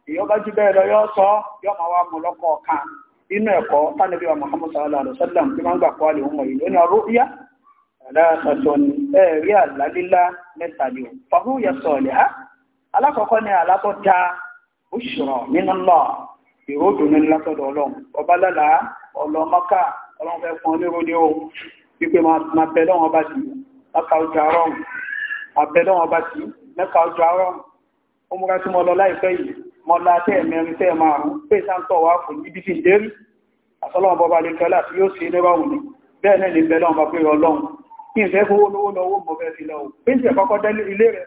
èyí ọba jù bẹ́ẹ̀ lọ yọ sọ yọ máa wá mú lọ́kọ̀ kan inú ẹ̀kọ́ tánàbí wa Muhammad sallallahu alaihi wa sallam tí wọ́n gbà kọ́ àlè wọn yìí lónìí ọrọ̀ yá aláàtọ̀ ni ẹ rí àlálílá mẹ́ta ni o fàhùn yẹ sọ̀lẹ̀ ha alákọ̀ọ́kọ́ ni àlátọ̀ da òṣùrọ̀ nínú lọ ìró dùnú látọ̀dọ̀ ọlọ́run ọba lálàá ọlọ́mọ́ká ọlọ́run fẹ́ fún ọ ní mẹ́ka ojú arọ́rùn àbẹ̀lọ́wọ̀n bá ti mẹ́ka ojú arọ́rùn ó múra tí mo lọ láìpẹ́ yìí mo la tẹ́ mẹ́rin tẹ́ márùn pé sáńtọ̀ wá fún níbi tí ń dérí àsọ́lọ́wọ̀n bọ́ba lè fẹ́ láti yóò ṣe lẹ́wà wùn bẹ́ẹ̀ náà lè bẹ̀lọ́wọ̀n bá pé ọlọ́run kí n fẹ́ fowó lówó lọ́wọ́ mo fẹ́ fi lọ pé ń tẹ̀ kọ́kọ́ dẹ́lé ilé rẹ̀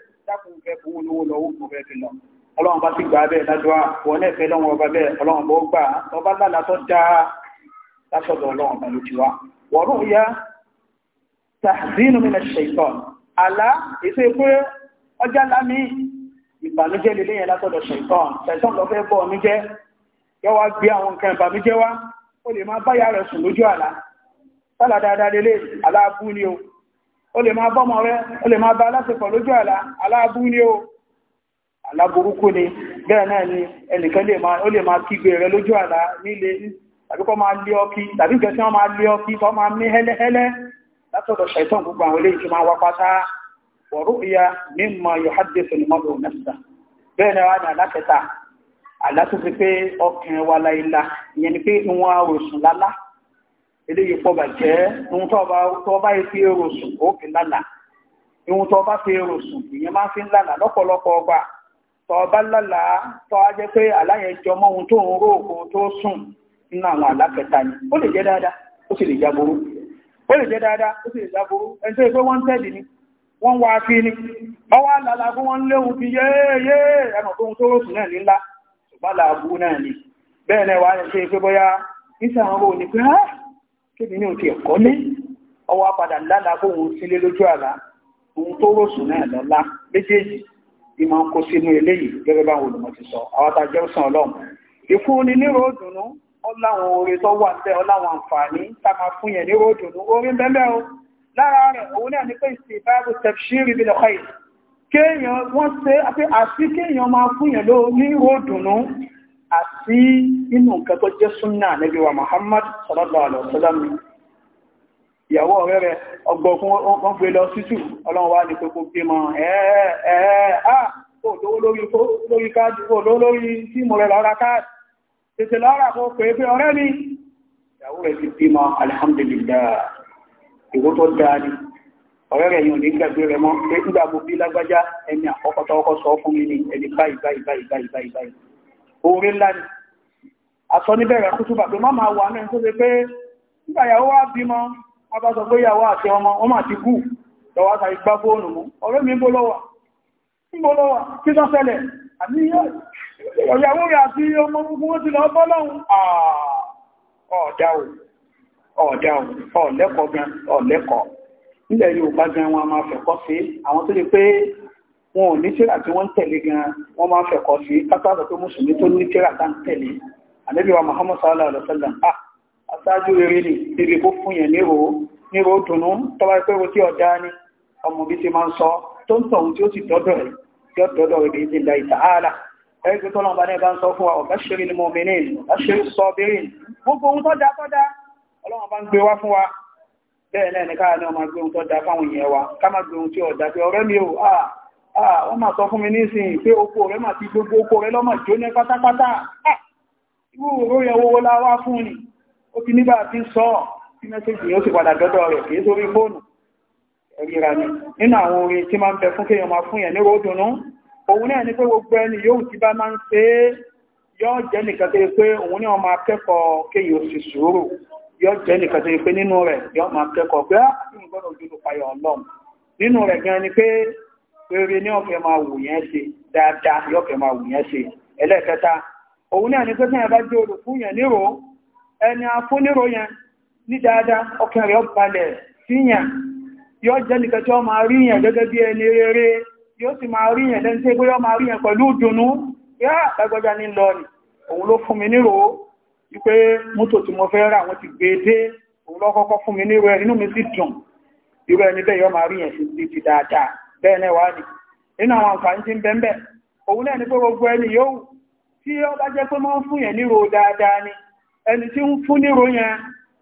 dákun wọ̀rún ya tàbínú mi náà ṣètọ́ àlá èsè pé ọjà lámì ìbànújẹ́ lélẹ́ yẹn látọ̀dọ̀ ṣètọ́ ṣètọ́ lọ fẹ́ bọ́ ọmí jẹ́ yóò wá gbé àwọn nǹkan ìbànújẹ́ wá ó lè máa báyà rẹ̀ sùn lójú àlá sálà dáadáa lélẹ́ aláàbú ni o ó lè máa bọ́mọ rẹ̀ ó lè máa bá ni o aláburúkú lè máa kígbe látọ̀dọ̀ ṣẹ̀tàn gbogbo àwọn eléyìí tí máa wá pátá wọ̀rú ìyá mímọ̀ yóò hádìsì ní mọ́lù mẹ́ta bẹ́ẹ̀ ni wá ní alákẹta àlátúnfi pé ọkàn wa láìla ìyẹn ni pé ìwọ̀n aròsùn lálá eléyìí pọ̀ bàjẹ́ ohun tó bá fi eròsùn ó fi lálà ohun tó bá fi eròsùn ìyẹn máa fi ń lálà lọ́pọ̀lọpọ̀ ọgbà tó jẹ́ pé aláyẹjọ mọ́ ohun tó ń rò kó tó sùn nínú àwọn alákẹta ni ó lè jẹ́ dáadáa ó sì lè jáboró ó lè jẹ́ dáadáa ó sì lè jáboró ẹni tó yẹ pé wọ́n ń tẹ́lì ni wọ́n wá fi ni ọwọ́ àlàlà fún wọn léhun fi yéèyé ẹmọ̀ tó ń tó rọ̀sùn náà nílá ṣùgbọ́n làbú náà ni bẹ́ẹ̀ náà wà ní ṣe pé bóyá níṣẹ́ àwọn ohun ni pé á kébì ní òkè ẹ̀kọ́ ní ọwọ́ padà lálàá sílé lójú àlá ohun tó rọ̀sùn náà lọ́lá méjèèjì ni máa ń kó sínú eléyìí gẹ́gẹ́ báwọn olùmọ̀ ti sọ àwọn ọláwọn orí tó wà tẹ́ ọláwọn àǹfààní tàbí fún yẹn ní ròdùnú orí bẹ́ẹ̀ o lára rẹ̀ òun náà ní pé ìsìn ìbáàbò tẹ̀fṣírì bí lọ́kọ̀ yìí kéèyàn wọ́n ṣe àti àti kéèyàn máa fún yẹn ló ní ròdùnú àti inú nǹkan tó jẹ́ súnà níbi wa Muhammad sallallahu alaihi wasallam ìyàwó ọ̀rẹ́ rẹ̀ ọgbọ̀kún wọ́n gbé lọ sítù ọlọ́run wá ní pẹ́kọ́ pé mọ́ ẹ̀ẹ́ ẹ̀ẹ́ à kò lówó lórí káàdì kò lówó lórí tíìmù rẹ̀ lọ́ra káàdì tètè lọ́rà kó pè é pé ọ̀rẹ́ mi ìyàwó rẹ̀ ti bímọ alhamdulillah ìwó tó dáa ni ọ̀rẹ́ rẹ̀ yìí ò ní gbàgbé rẹ̀ mọ́ pé nígbà mo bí lágbájá ẹni àkọ́kọ́ tọ́kọ́ sọ fún mi ní ẹni báyìí báyìí báyìí báyìí báyìí báyìí oore ńlá ni àsọ níbẹ̀rẹ̀ kútùbà pé má máa wà náà tó ṣe pé nígbà ìyàwó wa bímọ wọn bá sọ pé ìyàwó àti ọmọ wọn máa ti kú lọ́wọ́ sáré gbá fóònù mú ọ̀rẹ́ mi ń bó lọ́wà ń bó lọ́wà kí sọ́sẹ̀lẹ̀ àníyàn ìyàwó rẹ̀ àti ọmọ ogun ó ti lọ bọ́lọ́hun ah, ọ̀dáhùn ọ̀dáhùn ọ̀lẹ́kọ̀ọ́ gan ọ̀lẹ́kọ̀ọ́ nílẹ̀ Yorùbá gan wọn máa fẹ̀kọ́ sí àwọn tó lè pé wọn ò ní tíra tí wọ́n ń tẹ̀lé gan wọn máa fẹ̀kọ́ sí kátàkùn tó mùsùlùmí tó ní tíra tá ń tẹ̀lé àlẹ́bíwá Muhammad sallallahu alaihi wa ah aṣáájú rere ni ibi kó fún yẹn nírò nírò dùnú tọ́wọ́ pé o tí ọ̀dá ni ọmọ bí ti máa ń sọ tó ń tọ̀hún tí ó sì dọ́dọ̀ rẹ̀ yọ́ dọ́dọ̀ rẹ̀ bí ti da ìtàhálà ẹgbẹ́ tó lọ́nà bàdẹ́ bá ń sọ fún wa ọ̀gá ṣeré ni mọ̀mìnì ọ̀gá ṣeré sọ bèèrè gbogbo ohun tó dá tó dá ọlọ́run bá ń gbé wá fún wa bẹ́ẹ̀ náà ní káà ní ọmọ gbé ohun tó dá fáwọn èèyàn wa ká má gbé ohun tí ọ̀dá pé ọ̀rẹ́ mi ò àà wọ́n máa sọ fún mi nísìnyí pé oko rẹ̀ mà ti gbogbo oko rẹ̀ lọ́mọ jóná pátápátá irú òró yẹn wo la wá fún ni ó ti nígbà tí ń sọ tí mẹ́sẹ̀jì yóò sì padà dọ́dọ̀ rẹ̀ kì sórí fóònù ẹ̀ríra ni nínú àwọn orin tí máa ń bẹ fún kéèyàn máa fún yẹn ní ròdùnú òun náà a pé gbogbo ẹni yóò ti bá máa ń pé yóò jẹ́ nìkan tó yẹ pé òun ní ọmọ akẹ́kọ̀ọ́ sùúrù yóò jẹ́ nìkan tó yẹ pé nínú rẹ̀ yóò máa kẹ́kọ̀ọ́ pé ah, gbọ́dọ̀ ojúlù payọ̀ nínú rẹ̀ gan ni pé rere ní ọ̀fẹ́ máa wù yẹn ṣe dáadáa yóò fẹ́ máa wù yẹn ṣe ẹlẹ́ẹ̀kẹta òun náà ni pé tí bá jẹ́ olùkún yẹn nírò ẹni afún yẹn ní dáadáa rẹ̀ síyàn yóò jẹ́ nìkan tí ó sì máa rí yẹn lẹ́ni tí bóyá máa rí yẹn pẹ̀lú ìdùnnú yá lágbọ́já ní lọ ni òun ló fún mi nírò wípé mọ́tò tí mo fẹ́ rà wọ́n ti gbé dé òun ló kọ́kọ́ fún mi níro mi sì dùn irú ẹni bẹ́ẹ̀ yọ máa rí yẹn sí ti dáadáa bẹ́ẹ̀ náà wá ní àwọn àǹfààní ń bẹ́ẹ̀ òun náà ni pé gbogbo ẹni yóò tí ó bá jẹ́ pé máa ń fún yẹn dáadáa ni ẹni tí ń fún yẹn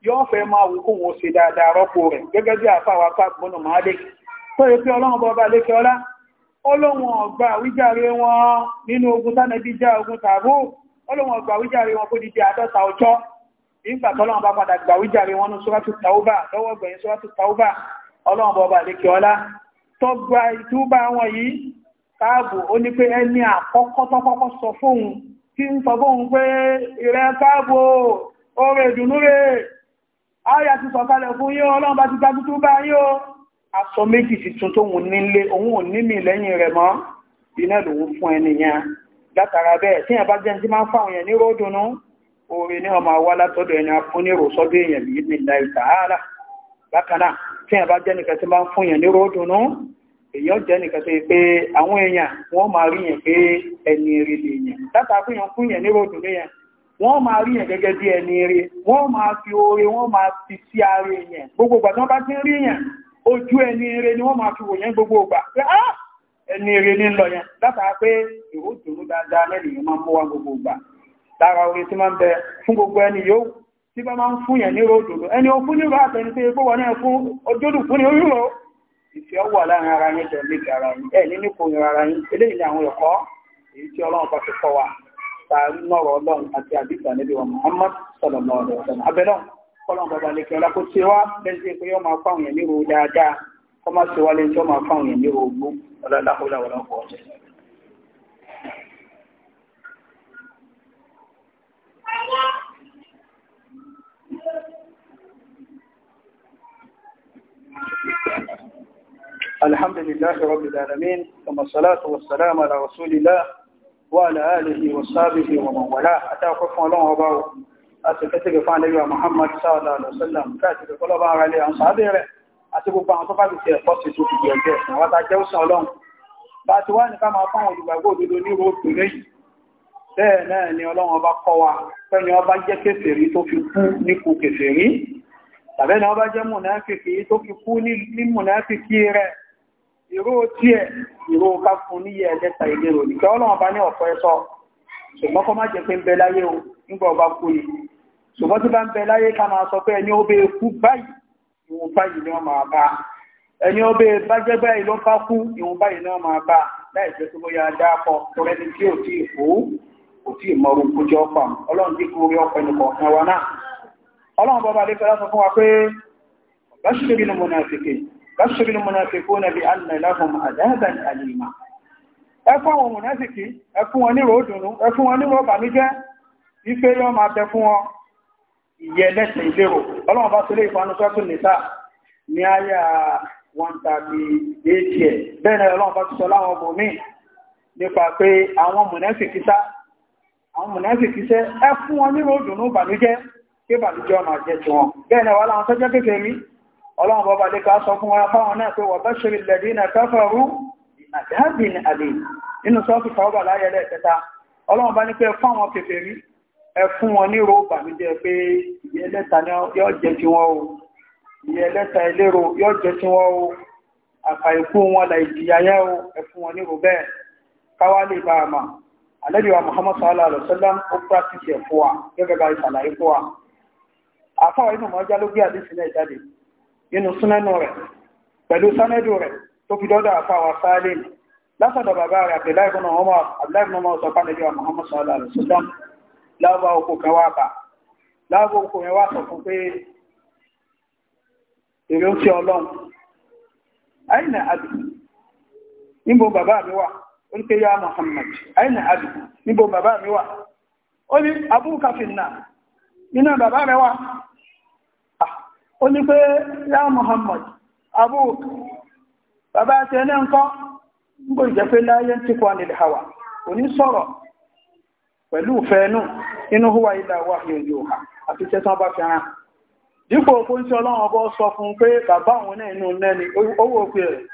yóò fẹ́ máa wù ṣe dáadáa rọ́pò rẹ̀ gẹ́gẹ́ bí máa lè tó ọlọ́wọ̀n ọgbà wíjàre wọn nínú ogun tánàbí já ogun tààbù ọlọ́wọ̀n ọgbà wíjàre wọn kó di di àádọ́ta ọjọ́ nígbà tọ́lọ́wọ̀n bá padà gbà wíjàre wọn ní sọ́rọ́tù taubá lọ́wọ́ gbẹ̀yìn sọ́rọ́tù taubá ọlọ́wọ̀n bọ́ọ̀bà lékè ọlá tọ́gbà ìtúbà wọn yìí káàbù ó ní pé ẹni àkọ́kọ́ tọ́kọ́kọ́ sọ fóun tí ń sọ fóun pé ìrẹ káàbù ó rẹ̀ dùnú rẹ̀ áyà ti sọ̀kalẹ̀ fún yín ọlọ́run bá aṣọ méjì tuntun tó wùn nílé òun ò ní mi lẹ́yìn rẹ̀ mọ́ iná lòun fún ẹni yẹn látara bẹ́ẹ̀ tí yẹn bá jẹ́ tí máa ń fáwọn yẹn ní ròdùnú oore ní ọmọ wa látọ̀dọ̀ ẹni afún ní ròsọ́dọ̀ èèyàn yìí ní ìlà ìtàhálà bákanná tí yẹn bá jẹ́ nìkan tí máa ń fún yẹn ní ròdùnú èèyàn jẹ́ nìkan tó yẹ pé àwọn èèyàn wọ́n máa rí yẹn pé ẹni rí lè yẹn látara fún yẹn fún yẹn ní ròdùnú yẹn wọ́n máa rí yẹn gẹ́gẹ́ bí ẹni rí wọ́n máa fi oore wọ́n máa fi sí ara yẹn gbogbo ìgbà bá ti rí yẹn ojú ẹni eré ni wọ́n máa fi wò yẹn gbogbo ògbà pé á ah, ẹni eré ní lọ yẹn látàá pé ìwò dùnú dáadáa lẹ́nìyàn máa ń mú wa gbogbo ògbà lára orin tí máa ń bẹ fún gbogbo ẹni yóò tí bá máa ń fún yẹn ẹni o fún na àtẹni pé epo wà náà ojúlù fún ìfẹ́ wà láàrin ara yín ara yín ẹ̀ nínú kò ara eléyìí ni àwọn ẹ̀kọ́ kọ́lọ́n bàbá lè kẹ́lá kó ṣe wá lẹ́sẹ̀ pé yọ́ máa fáwọn èèyàn nírò dáadáa kọ́ máa ṣe wá lẹ́sẹ̀ yọ́ máa fáwọn èèyàn nírò ogbó ọlọ́láhùlà ọlọ́pọ̀ ọ̀tẹ̀. الحمد لله رب العالمين ثم الصلاة والسلام على رسول الله وعلى آله وصحبه ومن والاه أتاكم الله وبركاته àti kẹ́tẹ́gẹ̀ fún alẹ́gbà Muhammad sallallahu alaihi wasallam káàkiri kọlọ́bà ara ilẹ̀ àwọn sàádé rẹ̀ àti gbogbo àwọn tó bá ti ṣe ẹ̀kọ́ sí ni ọlọ́run ọba kọ́ wa fẹ́ni ọba jẹ́ kèfèrí tó fi kú nípò kèfèrí tàbẹ́ni ọba jẹ́ mùnáfìkì tó fi kú ní mùnáfìkì rẹ̀ ìró tiẹ̀ ìró ká fún níyẹ ẹlẹ́ta ìlérò nìkẹ́ ọlọ́run ọba ní ọ̀pọ̀ ẹ̀sọ́ ṣùgbọ́n kọ́ má jẹ́ pé ń bẹ láyé o nígbà ọba kú yìí ṣùgbọ́n tí bá ń bẹ láyé ká máa sọ pé ẹni ó bẹ kú báyìí ìwọ̀n báyìí ni wọ́n máa bá ẹni ó bẹ bá jẹ́ báyìí ló bá kú ìwọ̀n báyìí ni wọ́n máa bá láì jẹ́ tó bóyá dáàpọ̀ torí ẹni tí ò tí ì kú kò tí ì mọ̀rún kójú ọ̀pá ọlọ́run tí kú orí ọ̀pọ̀ ẹnu kọ̀ọ̀kan wa náà ọlọ́run bọ́ba lè fẹ́lá sọ fún wa pé báṣẹ́bínú mọ̀nàfẹ́kẹ́ báṣẹ́bínú mọ̀nàfẹ́kẹ́ nàbí àná ìlàfọ̀mù àdáhàbàn àlìmá ẹfún àwọn mọ̀nàfẹ́kẹ́ ẹfún wọn nírò òdùnnú ẹfún wọn nírò ọbàmíjẹ́ ìfẹ́ yọ máa bẹ fún wọn ìyẹ lẹ́sìn ìlérò ọlọ́run bá tó lé ìfanusọ́tún nìta ní àyà wọn tàbí èjì ẹ̀ bẹ́ẹ̀ náà ọlọ́run bá tó sọ láwọn ọmọ mi nípa pé àwọn mọ̀nẹ́sì kíṣá àwọn mọ̀nẹ́sì kíṣẹ́ ẹ fún wọn nínú òdùnnú bànújẹ́ pé bànújẹ́ ọmọ àjẹ tí wọn bẹ́ẹ̀ náà wà láwọn tó jẹ́ kékeré mi ọlọ́run bọ́ba lè ká sọ fún wọn fáwọn náà pé ẹ fún wọn ní ròbà mi jẹ́ pé ìyẹ́ ẹlẹ́ta yóò jẹ́ ti wọ́n o ìyẹ́ ẹlẹ́ta ẹlẹ́rọ yóò jẹ́ ti wọ́n o àkàìkú wọn là ìjìyà o ẹ wọn ní ròbẹ́ káwá lè bá a mà àlẹ́bí Muhammad sallallahu alaihi wasallam ó pàṣẹ fún wa gẹ́gẹ́ bá ìṣàlàyé fún wa àfáwà inú mọ́já ló gbé àdísì náà jáde nínú súnẹ́nu rẹ̀ pẹ̀lú sánẹ́dù rẹ̀ tó fi dọ́dọ̀ àfáwà Muhammad sallallahu alaihi wasallam Laba ọkụ gawa baa, laba ọkụ onye nwata ofufe eresịa ọlọn, anyị na-abịa. Mbụ baba amịwa nke ya Muhammad, anyị na-abịa. Mbụ baba amịwa, ọ bụ Abulkafinna, ọ bụ baba amịwa. Onye nke yaa Muhammad, Abul baba se na enkọ Mbụ Njapela, yaa ntikwa ndị ha wa, onye soro pẹ̀lú ìfẹ́ẹ̀nù inú húwa ilẹ̀ wà ní ojú ọ̀há àti iṣẹ́ tán bá fi hàn dípò kó ń tí ọlọ́run ọbọ́ sọ fún pé bàbá òun náà inú nẹ́ni owó òpin rẹ̀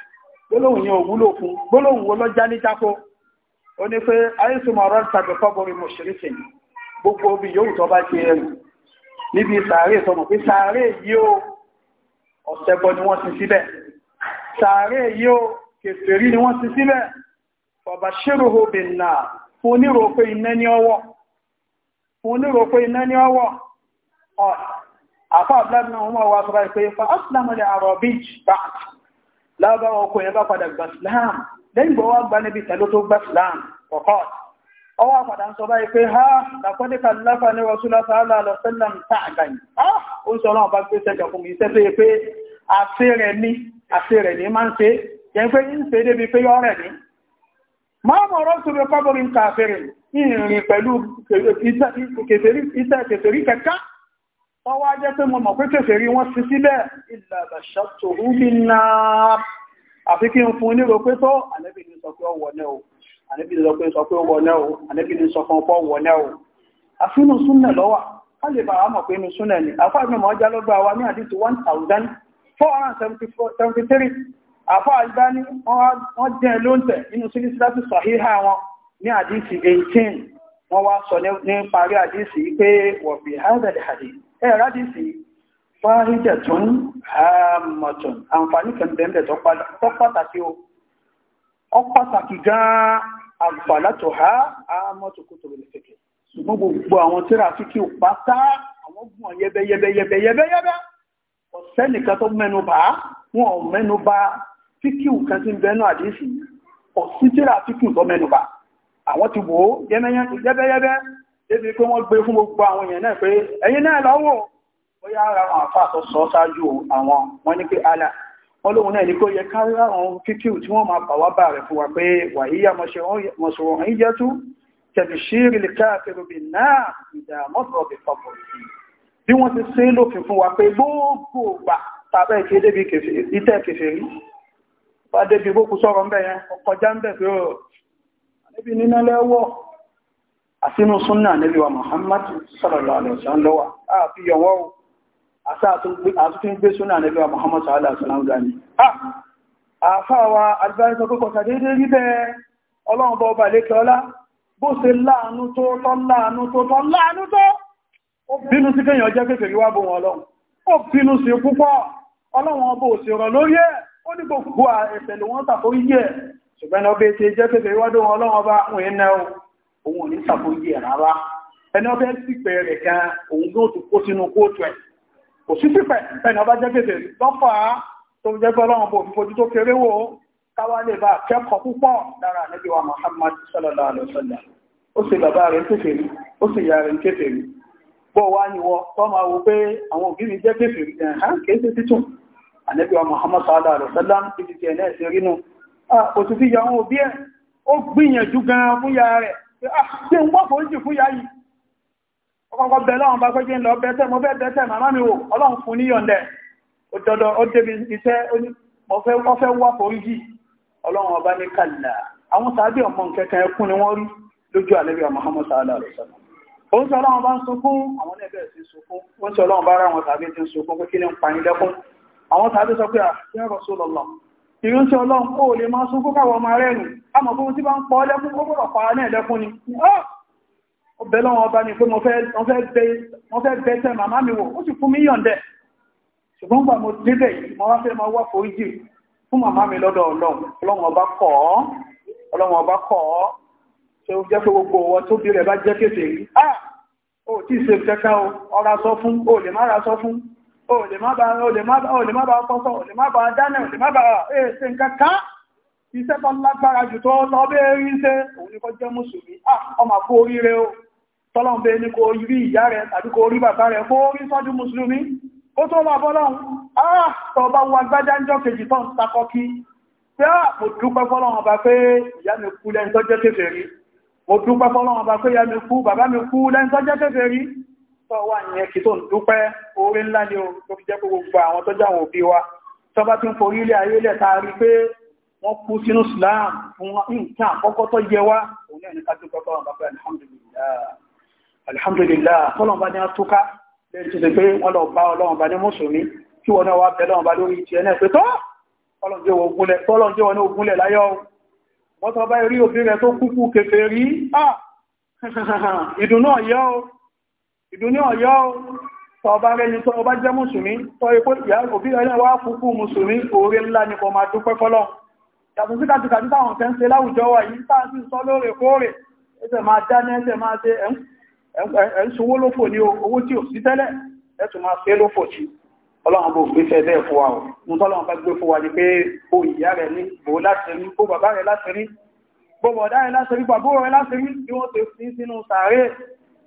gbólóhùn yẹn òwúlò fún gbólóhùn wo lọ́jà ní jákó ó ní pé àìsùn ọ̀rọ̀ tàbí fọ́bọ̀rì mọ̀ṣẹ̀rìṣẹ̀ gbogbo obì yóò tó bá ti ẹrù níbi sàárè sọmọ pé sàárè yìí ó ọ̀sẹ̀ bọ ni wọ́n ti síbẹ̀ sàárè yìí ó kèfèrí ni wọ́n ti síbẹ̀ ọ̀bà ṣéròhó bìnnà fún nírò pé iná ní ọwọ́ fún nírò pé iná ní ọwọ́ àfáà blab sọ́rọ̀ pé fa aslam lè àrọ̀ beach bat lábáwọ̀ ọkọ̀ yẹn bá padà gba Islam lẹ́yìn gbọ́ wá gba níbi tẹ̀ló tó ọwọ́ padà ń sọ báyìí pé ha làkọ́díkà láfà ní Rasulullah sallallahu alaihi wasallam tààgàn ah ó ń sọ ọlọ́run bá gbé sẹ́jọ fún mi iṣẹ́ tó yẹ pé àṣẹ rẹ̀ ní àṣẹ rẹ̀ máa mọ̀ ọ̀rọ̀ sórí ọkọ̀bọ̀rí ń kàfẹ́rẹ̀ ìrìn pẹ̀lú iṣẹ́ kèfèrí kẹta ọwá jẹ́ pé mọ̀ pé kèfèrí wọ́n sí sílẹ̀ ìlàbàṣà tó rú bí náà àfi kí n fún ní ro pé tó ànẹ́bì ní sọ pé ó wọ̀ náà o ànẹ́bì ní sọ pé ó wọ̀ náà o ànẹ́bì ní sọ fún ọpọ̀ wọ̀ náà o àfá àlìbáni wọ́n jẹ́ ló ń tẹ̀ nínú sílísílátì sàhíhà wọn ní àdísì 18 wọ́n wá sọ ní parí àdísì pé wọ̀bí hazel hadi ẹ̀rọ àdísì fáhíjẹ̀ tún hàmọ̀tún àǹfààní kẹ̀mẹ̀bẹ̀ tó pàtàkì o ọ pàtàkì gan-an àgbàlátò ha àmọ́tò kòtò lè fẹ́kẹ̀ ṣùgbọ́n gbogbo àwọn tíráfíkì ò pátá àwọn gbọ́n yẹbẹyẹbẹyẹbẹyẹbẹyẹbẹ ọ̀sẹ́ nìkan tó mẹ́nu bá wọn ò mẹ́nu bá fíkíù kan tí ń bẹ́nu àdíṣì ọ̀sí tíra fíkíù tó mẹ́nubà àwọn ti wò ó yẹ́bẹ́yẹ́bẹ́ débi pé wọ́n gbé fún gbogbo àwọn èèyàn náà pé ẹ̀yin náà lọ́wọ́ ó yá ara àwọn àfà tó sọ ṣáájú àwọn wọn ní pé ala wọn lóhun náà ní pé yẹ kárí àwọn fíkíù tí wọ́n máa bà wá bà rẹ̀ fún wa pé wàyíyá mọ̀ṣọ̀rọ̀ wá débi bó kú sọ́rọ̀ ń bẹ̀ yẹn ọkọjá ń bẹ̀ pé ó níbi níná lẹ́wọ́ àsínú súnnà níbi wa Muhammad sallallahu alaihi wasallam lọ́wà àfi yọ̀wọ́ àṣà àtúntún gbé súnnà níbi Muhammad sallallahu alaihi wasallam gani àfáwà àdìbáyé sọ pé kọ̀tà déédéé rí bẹ́ẹ̀ ọlọ́run bọ́ ọba lékẹ́ ọlá bó ṣe láàánú tó tọ́ láàánú tó tọ́ láàánú tó ó bínú ó ní gbogbo ẹ̀ṣẹ̀ ló wọ́n ṣàforíjì ẹ̀ ṣùgbọ́n ní ọbẹ̀ ṣe jẹ́ pẹ̀lú iwájú wọn ọlọ́run ọba òun ẹ̀ náà òun ò ní ṣàforíjì ẹ̀ rárá ẹni ọbẹ̀ sípẹ̀ rẹ̀ gan òun yóò tún kó sínú kóòtù ẹ̀ kò sí sípẹ̀ ẹni ọba jẹ́ pẹ̀lú lọ́fà tó jẹ́ pé ọlọ́run bò fojú tó kéré wò káwá lè bá kẹ́kọ̀ọ́ púpọ̀ lára ànábì wa Muhammad sallallahu alaihi wasallam ó sì bàbá rẹ̀ ń kéfèrí ó sì yà rẹ̀ ń kéfèrí bó wá ní wọ tó máa wo pé àwọn òbí mi jẹ́ kéfèrí ẹ̀hán kéfèrí títún ànẹ́bíwa Muhammad sallallahu alaihi wasallam ti fi ti ẹ̀nẹ́ ẹ̀sẹ̀ rínú ah, kò tún fi yàwọn òbí ẹ̀ ó gbìyànjú gan fún ya rẹ̀ pé ń wọ́pọ̀ oúnjẹ fún ya yìí ọkọ̀kọ́ bẹ̀ láwọn bá kọjẹ́ lọ bẹ́tẹ̀ mo bẹ́ bẹ́tẹ̀ màmá mi wò ọlọ́run fún níyọ̀ndẹ̀ ó dọ́dọ̀ ó débi iṣẹ́ ọfẹ́ wọ́pọ̀ orí yìí ọlọ́run ọba ní kàlà àwọn sàábì ọmọ nkẹkẹ ẹkún ni wọ́n rí lójú àlẹ́bíwa Muhammad sallallahu alaihi wasallam ó ń sọ ọlọ́run bá ń sunkún àwọn ẹgbẹ́ sí sunkún ó ń sọ ọlọ́run bá ara wọn tàbí ti ń sunkún pé kí ni ń pa ní lẹ́kún àwọn tàbí sọ pé àyẹ́rọ̀ ah, só lọ́lọ́ ìrúnṣẹ́ ọlọ́run kó lè máa sún kókàwọ ọmọ rẹ̀rùn àmọ́ fún tí bá ń pọ̀ lẹ́kún kó gbọ́rọ̀ pa náà lẹ́kún ni ah! ó bẹ̀ lọ́wọ́ ọba ni pé mo fẹ́ bẹ́tẹ̀ màmá mi wò ó sì fún mílíọ̀n dẹ̀ ṣùgbọ́n gbà mo débẹ̀ mo wá fẹ́ máa wá foríjì fún màmá mi lọ́dọ̀ ọlọ́run ọba kọ̀ ah ó tí ì ṣe kẹ́kẹ́ o ọ̀rá sọ fún o o lè má bá pọ́sọ́ o lè má bá dáná o lè má bá ẹ̀ẹ́sẹ̀ e, nǹkankan iṣẹ́ tó lágbára jù tó lọ bẹ́ẹ̀ rí ṣe òun ní kọ́ jẹ́ mùsùlùmí ọmọ kó rí rẹ o tọ́lọ́n bẹ́ẹ̀ ní kó rí ìyá rẹ tàbí kó rí bàbá rẹ kó rí sọ́jú mùsùlùmí ó tó wà bọ́lọ́hun ah tọba wa gbájá ń jọ kejì tán takọ kí pé à mo dúpẹ́ fọ́lọ́hun ọba pé ìyá mi kú lẹ́yìn tó jẹ́ kéfèrí mo dúpẹ́ fọ́lọ́hun ọba pé ìyá mi kú bàbá mi kú lẹ́yìn tó jẹ́ kéfèrí tó wà ní ẹkì tó ń dúpẹ́ orí ńlá ni o tó fi jẹ́ pé gbogbo àwọn tó jáwọn òbí wa tó bá ti ń forí ilé ayé lẹ̀ ta rí pé wọ́n kú sínú Islam fún nǹkan àkọ́kọ́ tó yẹ wá òun náà ní ká tó kọ́kọ́ wọn bá pẹ́ alhamdulillah alhamdulillah tọ́lọ́n bá ní atúká lẹ́yìn tó ti pé wọ́n lọ bá ọlọ́run bá ní mùsùlùmí kí wọn náà wá bẹ̀ lọ́run bá lórí ìtì ẹ̀ náà pé tọ́ ọlọ́run jẹ́ wọn ní ogunlẹ̀ láyọ̀ wọ́n tọ́ bá rí òfin rẹ̀ tó (laughs) ìdúní ọ̀yọ́ ọba rẹni tó ọba jẹ́ mùsùlùmí tọ́ ipò ìyá òbí rẹ̀ náà wá fúnkú mùsùlùmí oore ńlá ni kò máa dúpẹ́ fọ́lọ́ yàtọ̀ sí kàtìkàtì táwọn fẹ́ ń ṣe láwùjọ wa yìí tá sí sọ lóòrèkóòrè ẹsẹ̀ máa dáná ẹsẹ̀ máa ṣe ẹ̀ń sowó lófò ní owó tí ò sí tẹ́lẹ̀ ẹ̀tù máa ṣe lófò tí ọlọ́run bó gbé fẹ́ bẹ́ẹ̀ fún wa ò mú tọ́lọ́run bá gbé fún wa ni pé bó ìyá rẹ̀ ní bó láti rí bó bàbá rẹ̀ láti rí bó bọ̀dá rẹ̀ láti rí bàbá rẹ̀ láti rí bí wọ́n ti sí sínú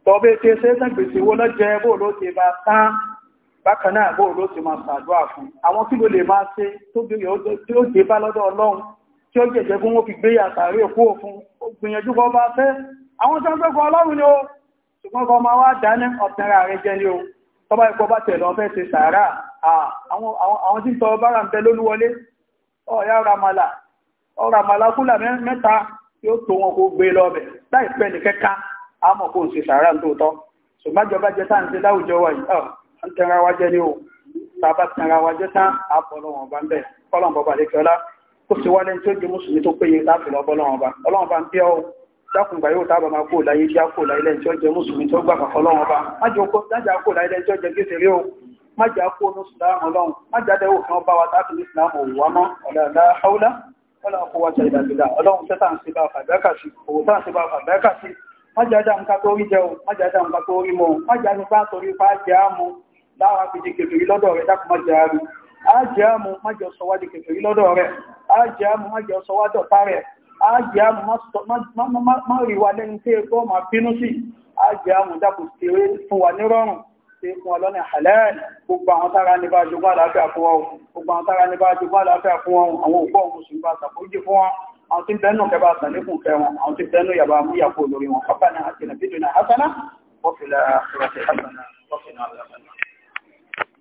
tọ́bẹ́ tí ṣe tẹ́gbèsè wó lọ́jẹ́ bóò ló ti bá tán bákanáà bóò ló ti máa ṣàdúrà fún àwọn kí ló lè máa ṣe tó bí ó dé bá lọ́dọ̀ ọlọ́run tí ó jẹ̀jẹ̀ fún ó fi gbé àtàrí òkú òfun ó gbìyànjú kọ́ bá fẹ́ àwọn tó ń gbẹ́kọ̀ ọlọ́run ni ó ṣùgbọ́n kọ́ máa wá dání ọ̀tẹ̀rẹ̀ ààrẹ jẹ́ ni ó tọ́ba ikọ̀ bá tẹ̀ lọ tó wọn kó gbé lọ bẹ̀ láìpẹ́ nìkẹ́ka àmọ́ kò ń ṣe sàárà tóòtọ́ ṣùgbọ́n ìjọba jẹ́ sáà ń ṣe láwùjọ wa yìí ń tẹnra wa jẹ́ ní o tàbá tẹnra wa jẹ́ tán àbọ̀lọ́wọ̀n bá ń bẹ̀ kọ́lọ̀mọ̀ bá lékẹ́ ọlá ó ti wá lẹ́ni tí ó jẹ́ mùsùlùmí tó péye láti lọ bọ́lọ́wọ̀n bá ọlọ́wọ̀n bá ń bí ọ́ dákùngbà yóò tábà máa kó láyé tí a kó láyé lẹ́ni tí ó jẹ́ mùsùlùmí tó gbà kọ́ lọ́wọ́n bá májá kó láyé lẹ́ni tí ó jẹ́ gẹ́sẹ̀ rí ọlọ́run májá ń ṣe bá fàdákà sí òwò ń ṣe bá fàdákà sí májàdá nǹkan tó rí jẹun májàdá nǹkan tó rí mọ́ májà ní bá torí bá jẹ́ àmú láwá fi di kèfèrí lọ́dọ̀ rẹ̀ dákùn májà rí a jẹ́ àmú májọ sọwá di kèfèrí lọ́dọ̀ rẹ̀ a jẹ́ àmú májọ sọwá dọ̀tá rẹ̀ a jẹ́ tí fún ọlọ́nà halal gbogbo àwọn tára ní bá jogún àlàáfíà fún wọn gbogbo àwọn tára ní bá jogún àlàáfíà fún wọn àwọn òpó ọmọ sùn bá sàkójì fún wọn àwọn tí bẹ́ẹ̀nù kẹba àtàlékù kẹ wọn àwọn tí bẹ́ẹ̀nù yàbá múyàfó lórí wọn pápá ní àti nàbídùn hasana wọ́n fi lẹ́